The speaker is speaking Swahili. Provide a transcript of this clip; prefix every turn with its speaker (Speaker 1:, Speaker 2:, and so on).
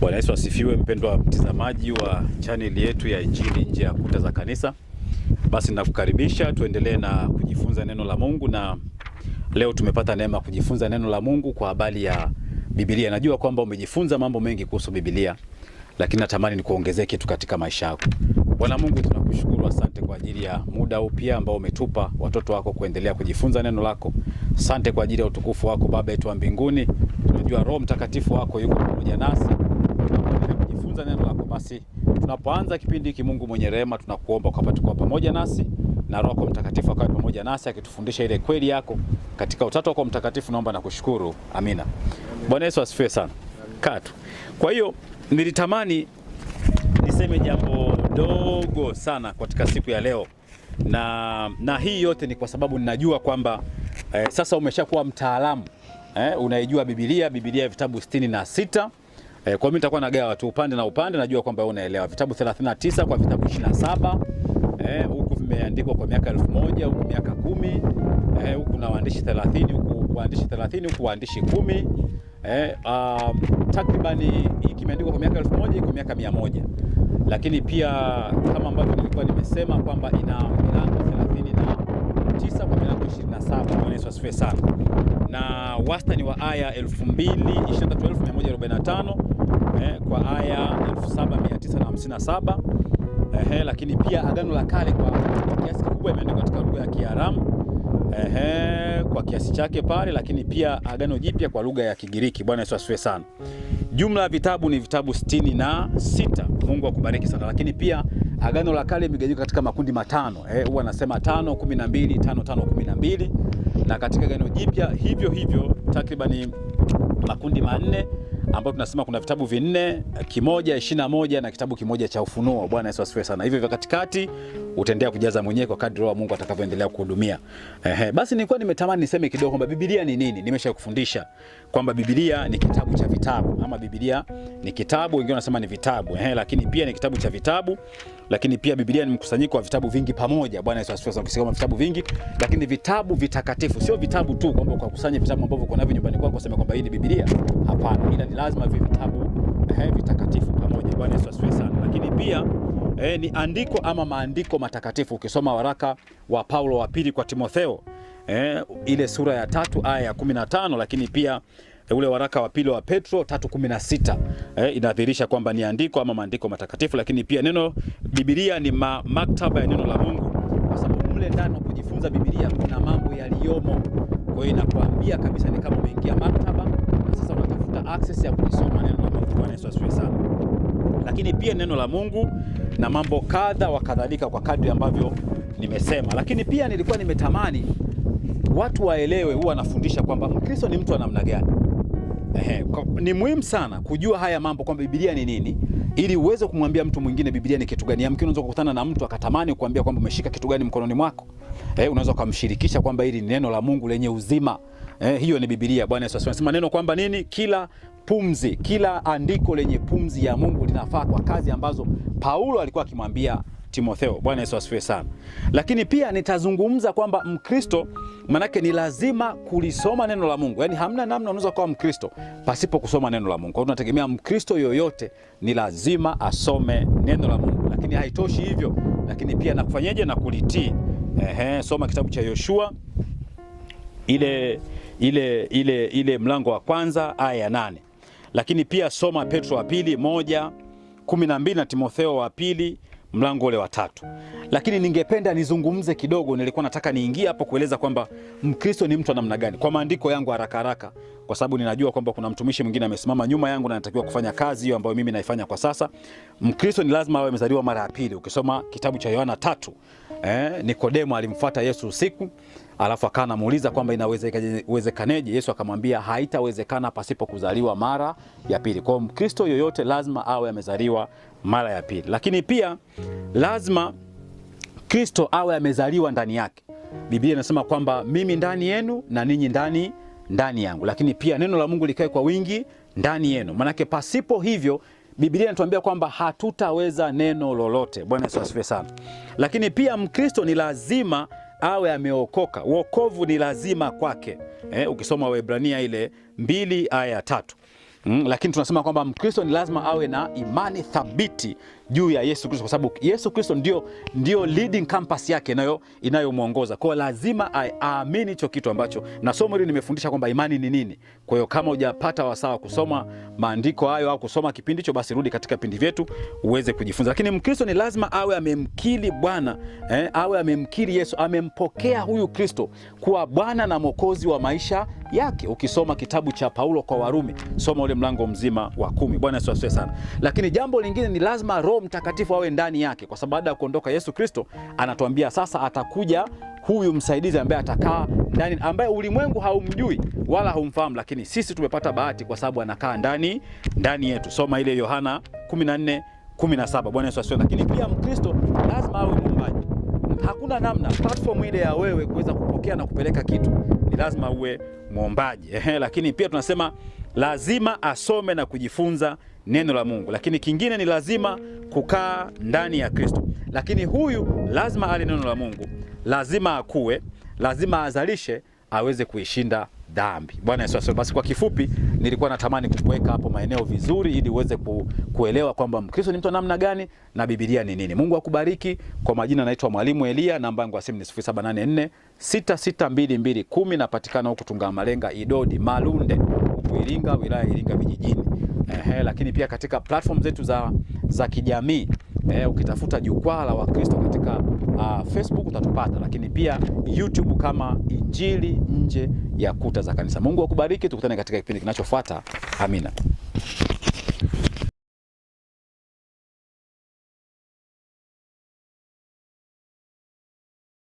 Speaker 1: Bwana Yesu asifiwe, mpendwa mtazamaji wa chaneli yetu ya Injili nje ya kuta za kanisa. Basi nakukaribisha tuendelee na kujifunza neno la Mungu, na leo tumepata neema kujifunza neno la Mungu kwa habari ya Biblia. Najua kwamba umejifunza mambo mengi kuhusu Biblia, lakini natamani nikuongezee kitu katika maisha yako. Bwana Mungu, tunakushukuru, asante kwa ajili ya muda huu pia ambao umetupa watoto wako kuendelea kujifunza neno lako. Asante kwa ajili ya utukufu wako Baba yetu wa mbinguni. Tunajua Roho Mtakatifu wako yuko pamoja nasi kujifunza neno lako. Basi tunapoanza kipindi hiki, Mungu mwenye rehema, tunakuomba kwamba tukao pamoja nasi na Roho Mtakatifu akawe pamoja nasi akitufundisha ile kweli yako katika utatu wako mtakatifu. Naomba na kushukuru, amina. Bwana Yesu asifiwe sana katu. Kwa hiyo nilitamani niseme jambo dogo sana katika siku ya leo, na, na hii yote ni kwa sababu ninajua kwamba eh, sasa umeshakuwa mtaalamu eh, unaijua Biblia, Biblia ya vitabu sitini na sita E, kwa mimi nitakuwa nagawa tu upande na upande, najua kwamba wewe unaelewa. Vitabu 39 kwa vitabu 27. Eh, huku vimeandikwa kwa miaka 1000, huku miaka 10. Eh, huku na waandishi 30, huku waandishi 30, huku waandishi 10. Eh, um, takribani hii kimeandikwa kwa miaka 1000, kwa miaka 100. Lakini pia kama ambavyo nilikuwa nimesema kwamba ina milango 39 kwa milango 27. Bwana Yesu asifiwe sana. Na wastani wa aya 223145 eh, kwa aya 7957 eh, lakini pia Agano la Kale kwa, kiasi kikubwa imeandikwa katika lugha ya Kiaramu eh, kwa kiasi chake pale, lakini pia Agano Jipya kwa lugha ya Kigiriki. Bwana Yesu asifiwe sana. Jumla ya vitabu ni vitabu sitini na sita. Mungu akubariki sana. Lakini pia Agano la Kale imegawanyika katika makundi matano eh, huwa eh, anasema tano kumi na mbili tano tano kumi na mbili na katika Agano Jipya hivyo hivyo takribani makundi manne ambapo tunasema kuna vitabu vinne, kimoja ishirini na moja na kitabu kimoja cha Ufunuo. Bwana Yesu asifiwe sana. Hivyo vya katikati utaendelea kujaza mwenyewe kwa kadri wa Mungu atakavyoendelea kuhudumia. Ehe, basi nilikuwa nimetamani niseme kidogo kwamba Biblia ni nini. Nimesha kufundisha kwamba Biblia ni kitabu cha vitabu ama Biblia ni kitabu, wengine wanasema ni vitabu. Ehe, lakini pia ni kitabu cha vitabu, lakini pia Biblia ni mkusanyiko wa vitabu vingi pamoja. Bwana Yesu asifiwe sana. Ukisoma vitabu vingi, lakini vitabu vitakatifu, sio vitabu tu kwamba ukakusanya vitabu ambavyo uko navyo nyumbani kwako useme kwamba hii ni Biblia. Hapana, ila ni lazima vitabu eh, vitakatifu pamoja. Bwana Yesu asifiwe sana. Lakini pia eh, ni andiko ama maandiko matakatifu. Ukisoma waraka wa Paulo wa pili kwa Timotheo eh, ile sura ya tatu aya ya 15 lakini pia eh, ule waraka wa pili wa Petro 3:16 eh, inadhihirisha kwamba ni andiko ama maandiko matakatifu. Lakini pia neno Biblia ni ma, maktaba ya neno la Mungu, kwa sababu mle ndani kujifunza Biblia kuna mambo yaliyomo. Kwa hiyo inakuambia kabisa ni kama umeingia maktaba access ya kusoma neno la Mungu. Bwana Yesu asifiwe sana. Lakini pia neno la Mungu na mambo kadha wa kadhalika, kwa kadri ambavyo nimesema. Lakini pia nilikuwa nimetamani watu waelewe, huwa nafundisha kwamba Mkristo ni mtu wa namna gani. Ehe, ni muhimu sana kujua haya mambo kwamba Biblia ni nini ili uweze kumwambia mtu mwingine Biblia ni kitu gani. Yamkini unaweza kukutana na mtu akatamani kukuambia kwamba umeshika kitu gani mkononi mwako. Eh, unaweza kumshirikisha kwamba hili ni neno la Mungu lenye uzima. Eh, hiyo ni Biblia. Bwana Yesu anasema neno kwamba nini? Kila pumzi, kila andiko lenye pumzi ya Mungu linafaa kwa kazi ambazo Paulo alikuwa akimwambia Timotheo. Bwana Yesu asifiwe sana. Lakini pia nitazungumza kwamba Mkristo Manake ni lazima kulisoma neno la Mungu, yaani hamna namna unaweza kuwa Mkristo pasipo kusoma neno la Mungu. Kwa hiyo tunategemea Mkristo yoyote ni lazima asome neno la Mungu, lakini haitoshi hivyo, lakini pia nakufanyeje na kulitii. Ehe, soma kitabu cha Yoshua ile, ile, ile, ile mlango wa kwanza aya ya nane, lakini pia soma Petro wa pili moja kumi na mbili na Timotheo wa pili mlango ule wa tatu. Lakini ningependa nizungumze kidogo, nilikuwa nataka niingie hapo kueleza kwamba Mkristo ni mtu wa namna gani kwa maandiko yangu haraka haraka, kwa sababu ninajua kwamba kuna mtumishi mwingine amesimama nyuma yangu na anatakiwa kufanya kazi hiyo ambayo mimi naifanya kwa sasa. Mkristo ni lazima awe amezaliwa mara ya pili. Ukisoma kitabu cha Yohana tatu, eh, Nikodemo alimfuata Yesu usiku alafu akawa anamuuliza kwamba inawezekaneje? Yesu akamwambia haitawezekana pasipo kuzaliwa mara ya pili. Kwa hiyo Mkristo yoyote lazima awe amezaliwa mara ya pili. Lakini pia lazima Kristo awe amezaliwa ndani yake. Biblia inasema kwamba mimi ndani yenu na ninyi ndani ndani yangu, lakini pia neno la Mungu likae kwa wingi ndani yenu, manake pasipo hivyo Biblia inatuambia kwamba hatutaweza neno lolote. Bwana Yesu asifiwe sana. Lakini pia Mkristo ni lazima awe ameokoka, wokovu ni lazima kwake. Eh, ukisoma Waebrania ile mbili aya ya tatu mm, lakini tunasema kwamba Mkristo ni lazima awe na imani thabiti juu ya Yesu Kristo, kwa sababu Yesu Kristo ndio, ndio leading campus yake nayo inayomwongoza kwa lazima aamini hicho kitu ambacho, na somo hili nimefundisha kwamba imani ni nini. Kwa hiyo kama hujapata wasaa kusoma maandiko hayo au kusoma kipindi hicho, basi rudi katika vipindi vyetu uweze kujifunza. Lakini Mkristo ni lazima awe amemkili Bwana eh, awe amemkili Yesu, amempokea huyu Kristo kuwa Bwana na Mwokozi wa maisha yake. Ukisoma kitabu cha Paulo kwa Warumi, soma ule mlango mzima wa kumi. Bwana asifiwe sana. Lakini jambo lingine ni lazima roho Roho Mtakatifu awe ndani yake, kwa sababu baada ya kuondoka Yesu Kristo anatuambia sasa atakuja huyu msaidizi ambaye atakaa ndani, ambaye ulimwengu haumjui wala haumfahamu lakini sisi tumepata bahati kwa sababu anakaa ndani ndani yetu. Soma ile Yohana 14 17. Bwana Yesu asifiwe. Lakini pia Mkristo lazima awe mwombaji. Hakuna namna platform ile ya wewe kuweza kupokea na kupeleka kitu, ni lazima uwe mwombaji. Lakini pia tunasema lazima asome na kujifunza neno la Mungu, lakini kingine ni lazima kukaa ndani ya Kristo. Lakini huyu lazima ale neno la Mungu, lazima akue, lazima azalishe, aweze kuishinda dhambi. Bwana Yesu asifiwe. Basi kwa kifupi, nilikuwa natamani kukuweka hapo maeneo vizuri, ili uweze ku, kuelewa kwamba Mkristo ni mtu namna gani na Biblia ni nini. Mungu akubariki. Kwa majina naitwa Mwalimu Elia, namba yangu ya simu ni 0784662210 napatikana Tunga Malenga Idodi Malunde huku Iringa, wilaya Iringa vijijini. Ehe, lakini pia katika platform zetu za, za kijamii eh, ukitafuta jukwaa la Wakristo katika uh, Facebook utatupata, lakini pia YouTube kama Injili Nje ya Kuta za Kanisa. Mungu akubariki, tukutane katika kipindi kinachofuata. Amina.